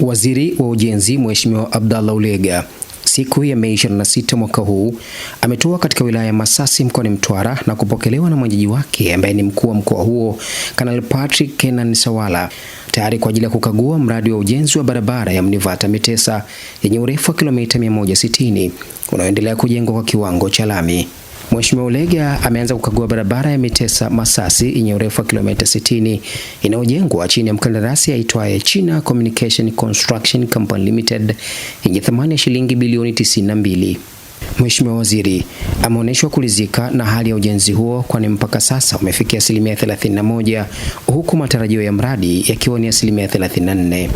Waziri wa Ujenzi Mheshimiwa Abdallah Ulega siku ya Mei 26 mwaka huu ametua katika wilaya ya Masasi mkoani Mtwara na kupokelewa na mwenyeji wake ambaye ni mkuu wa mkoa huo Kanali Patrick Kenan Sawala tayari kwa ajili ya kukagua mradi wa ujenzi wa barabara ya Mnivata Mitesa yenye urefu wa kilomita 160 unaoendelea kujengwa kwa kiwango cha lami. Mheshimiwa Ulega ameanza kukagua barabara ya Mitesa Masasi yenye urefu wa kilomita 60 inayojengwa chini ya mkandarasi aitwaye China Communication Construction Company Limited yenye thamani ya shilingi bilioni 92. Mheshimiwa Waziri ameonyeshwa kuridhika na hali ya ujenzi huo, kwani mpaka sasa umefikia asilimia 31 huku matarajio ya mradi yakiwa ni asilimia 34.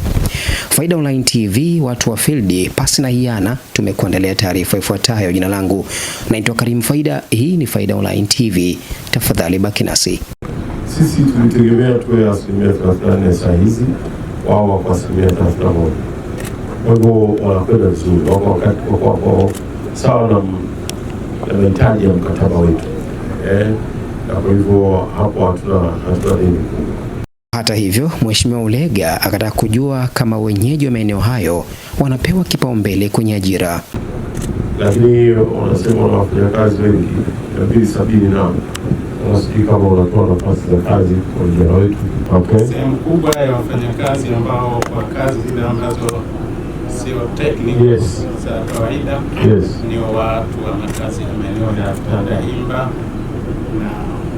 Faida Online TV, watu wa field, pasi na hiana, tumekuandalia taarifa ifuatayo. Jina langu naitwa Karim Faida. Hii ni Faida Online TV, tafadhali baki nasi. Sisi tulitegemea tuwe asilimia 34, saa hizi wao wako asilimia 31, kwa hivyo wanakwenda vizuri, wako wakati wako sawa na mahitaji ya mkataba wetu eh, na kwa hivyo hapo hatuna hatuna nini. Hata hivyo, Mheshimiwa Ulega akataka kujua kama wenyeji wa maeneo hayo wanapewa kipaumbele kwenye ajira, lakini wanasema na wafanyakazi wengi mia mbili sabini na sijui kama wanatoa nafasi za kazi kwa vijana wetu. Sehemu kubwa ya wafanyakazi ambao kwa kazi zile ambazo Pyrotechnic yes. za kawaida yes. ni watu wa makazi ya maeneo ya Tandahimba na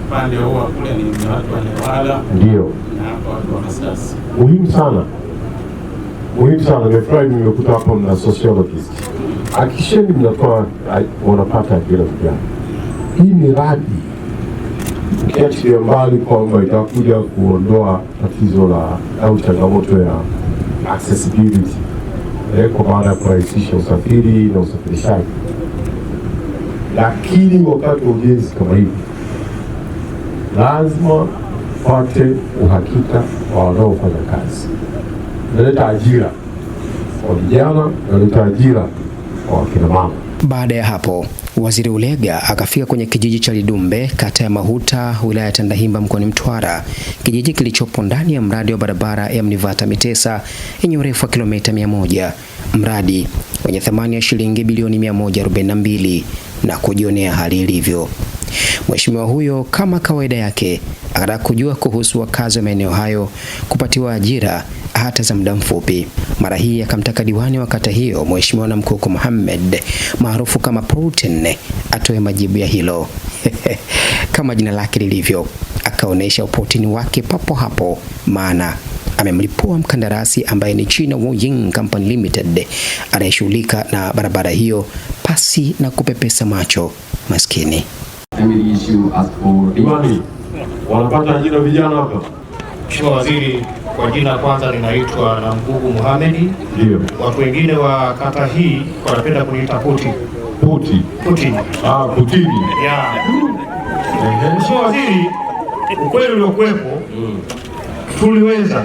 upande huo kule ni watu wa Newala ndio na watu wa Masasi. Muhimu sana, muhimu sana. Nimefurahi nimekuta hapo mna sociologist, hakikisheni mnatoa wanapata ajira vijana. Hii miradi ukiachilia mbali kwamba itakuja kuondoa tatizo la au changamoto ya accessibility eh, kwa maana ya kurahisisha usafiri na usafirishaji. Lakini wakati wa ujenzi kama hivi, lazima pate uhakika wa wanaofanya kazi. Naleta ajira kwa vijana, naleta ajira kwa wakina mama. Baada ya hapo Waziri Ulega akafika kwenye kijiji cha Lidumbe, kata ya Mahuta, wilaya ya Tandahimba, mkoani Mtwara, kijiji kilichopo ndani ya mradi wa barabara ya Mnivata Mitesa yenye urefu wa kilomita moja, mradi wenye thamani ya shilingi bilioni 142 na kujionea hali ilivyo. Mheshimiwa huyo kama kawaida yake anataka kujua kuhusu wakazi wa maeneo hayo kupatiwa ajira hata za muda mfupi. Mara hii akamtaka diwani wa kata hiyo Mheshimiwa Namkoko Mohamed maarufu kama Protein atoe majibu ya hilo kama jina lake lilivyo, akaonyesha upotini wake papo hapo, maana amemlipua mkandarasi ambaye ni China Woying Company Limited anayeshughulika na barabara hiyo pasi na kupepesa macho maskini. Diwani, wanapata ajira vijana hapa. Mheshimiwa Waziri, kwa jina kwanza linaitwa na Mgugu Muhamedi. Ndio. Watu wengine wa kata hii wanapenda kuniita Puti. Puti. Puti. Ah, Putini. Yeah. Mheshimiwa Waziri, ukweli uliokuwepo mm. tuliweza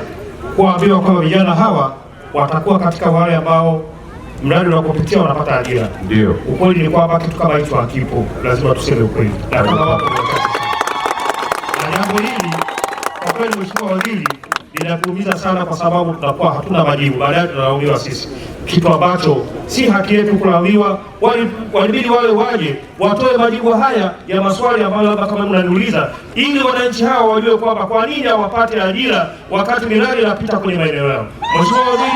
kuambiwa kwa vijana hawa watakuwa katika wale ambao mradi unapopitia wanapata ajira. Ndio ukweli ni kwamba kitu kama hicho hakipo, lazima tuseme ukweli na jambo hili kwa kweli, Mheshimiwa Waziri, linatuumiza sana, kwa sababu tunakuwa hatuna majibu, baadaye tunalaumiwa sisi, kitu ambacho si haki yetu kulaumiwa. Walibidi wale waje watoe majibu haya ya maswali ambayo labda kama mnaniuliza, ili wananchi hawa wajue kwamba kwa nini hawapate ajira wakati miradi inapita kwenye maeneo yao. Mheshimiwa Waziri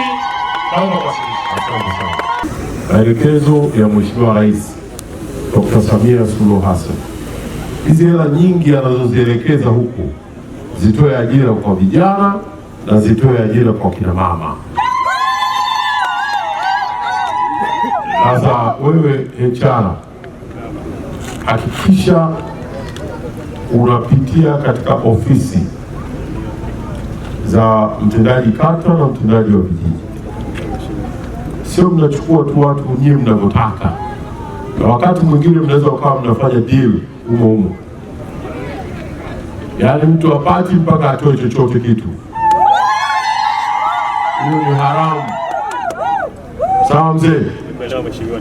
Naomba kuwasilisha. Asante sana. Maelekezo ya Mheshimiwa Rais Dr. Samia Suluhu Hassan, hizi hela nyingi anazozielekeza huku zitoe ajira kwa vijana na zitoe ajira kwa kina mama. Sasa wewe hechana hakikisha unapitia katika ofisi za mtendaji kata na mtendaji wa vijiji sio mnachukua tu watu nyie mnavyotaka, na wakati mwingine mnaweza ukawa mnafanya deal humo humo, yaani mtu apati mpaka atoe chochote kitu. Hiyo ni haramu. Sawa mzee,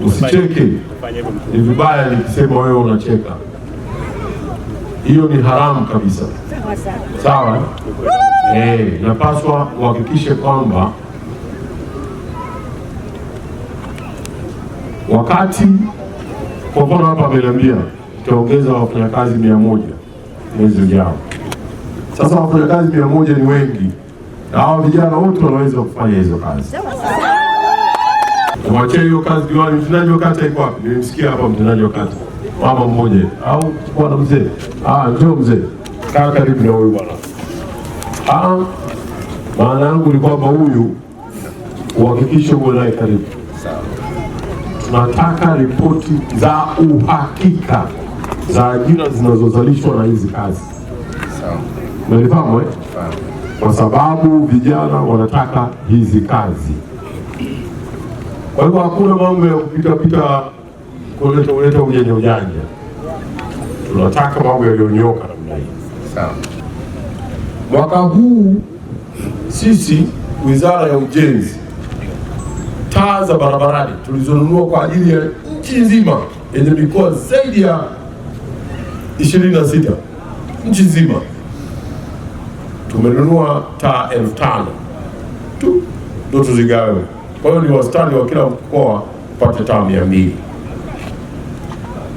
usicheke, ni vibaya nikisema wewe unacheka. Hiyo ni haramu kabisa. Sawa eh, napaswa uhakikishe kwamba wakati kwa mfano hapa ameniambia tutaongeza wafanyakazi mia moja mwezi ujao. Sasa wafanyakazi mia moja ni wengi, na hawa vijana wote wanaweza kufanya hizo kazi. Wachie hiyo kazi diwani. Mtendaji wa kata iko wapi? Nimemsikia hapa mtendaji wa kata, mama mmoja au na mzee. Ah, ndio mzee, kaa karibu na huyu bwana. Ah, maana yangu ni kwamba huyu uhakikishe uwe naye karibu, sawa tunataka ripoti za uhakika za ajira zinazozalishwa na hizi kazi, umenifahamu eh? Kwa sababu vijana wanataka hizi kazi. Kwa hivyo hakuna mambo ya kupitapita, kuleta kuleta ujanja ujanja, tunataka mambo yaliyonyoka namna hii. Sawa. Mwaka huu sisi wizara ya ujenzi taa za barabarani tulizonunua kwa ajili ya nchi nzima yenye mikoa zaidi ya 26 nchi nzima tumenunua taa elfu tano tu ndo tuzigawe. Kwa hiyo ni wastani wa kila mkoa upate taa mia mbili.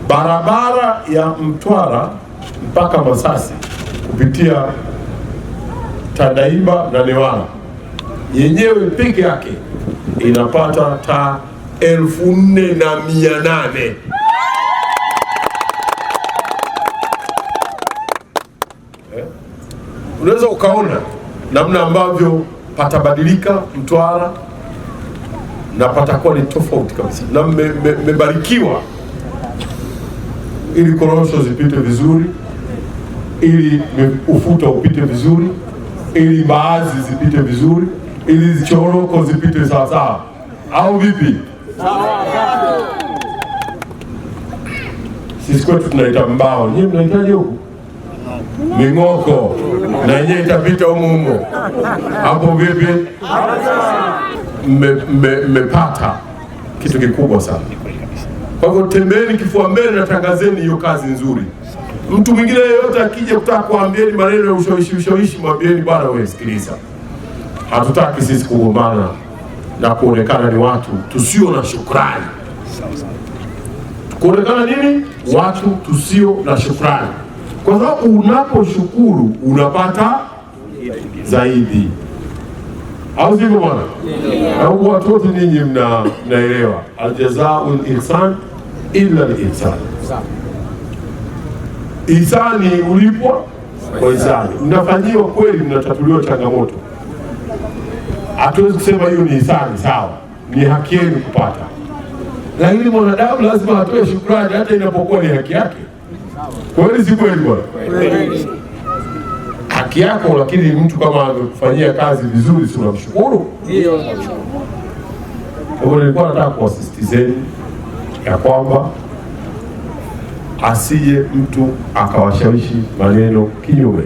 Barabara ya Mtwara mpaka Masasi kupitia Tandahimba na Newala yenyewe peke yake inapata taa elfu nne na mia nane eh? Unaweza ukaona namna ambavyo patabadilika Mtwara na patakuwa ni tofauti kabisa, na mmebarikiwa me, me, ili korosho zipite vizuri, ili ufuta upite vizuri, ili mbaazi zipite vizuri ili choroko zipite sawasawa, au vipi? Sisi kwetu tunaita mbao, nyinyi mnahitaji huku ming'oko, na yenyewe itapita humo humo. Hapo vipi? Mmepata kitu kikubwa sana. Kwa hivyo tembeeni kifua mbele na tangazeni hiyo kazi nzuri. Mtu mwingine yeyote akija kutaka kuambieni maneno ya ushawishi ushawishi, mwambieni bwana, wewe sikiliza hatutaki sisi kugombana na kuonekana ni watu tusio na shukrani, kuonekana nini, watu tusio na shukrani, kwa sababu unaposhukuru unapata zaidi, au sivyo bwana? Na watu wote ninyi mnaelewa, aljazaul ihsan illa lihsan, ihsani ulipwa kwa ihsani, mnafanyiwa kweli, mnatatuliwa changamoto Hatuwezi kusema hiyo ni hisani, sawa, ni haki yenu kupata, lakini mwanadamu lazima atoe shukrani hata inapokuwa ni haki yake. Kweli si kweli? Bwana, haki yako, lakini mtu kama amekufanyia kazi vizuri, si unamshukuru? Ndio. Nilikuwa nataka kuwasisitizeni ya kwamba asije mtu akawashawishi maneno kinyume.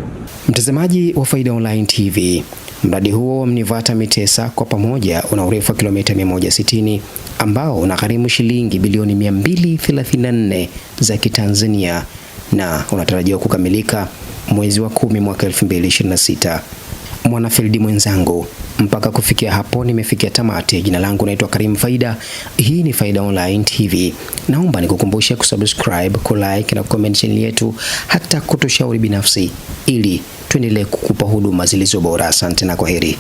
Mtazamaji wa Faida Online TV Mradi huo wa Mnivata Mitesa kwa pamoja una urefu wa kilomita 160 ambao unagharimu shilingi bilioni 234 za Kitanzania na unatarajiwa kukamilika mwezi wa kumi mwaka 2026 mwanafieldi mwenzangu. Mpaka kufikia hapo nimefikia tamati. Jina langu naitwa Karim Faida, hii ni Faida Online TV. Naomba nikukumbushe kusubscribe, kulike na comment channel yetu, hata kutushauri binafsi, ili tuendelee kukupa huduma zilizo bora. Asante na kwaheri.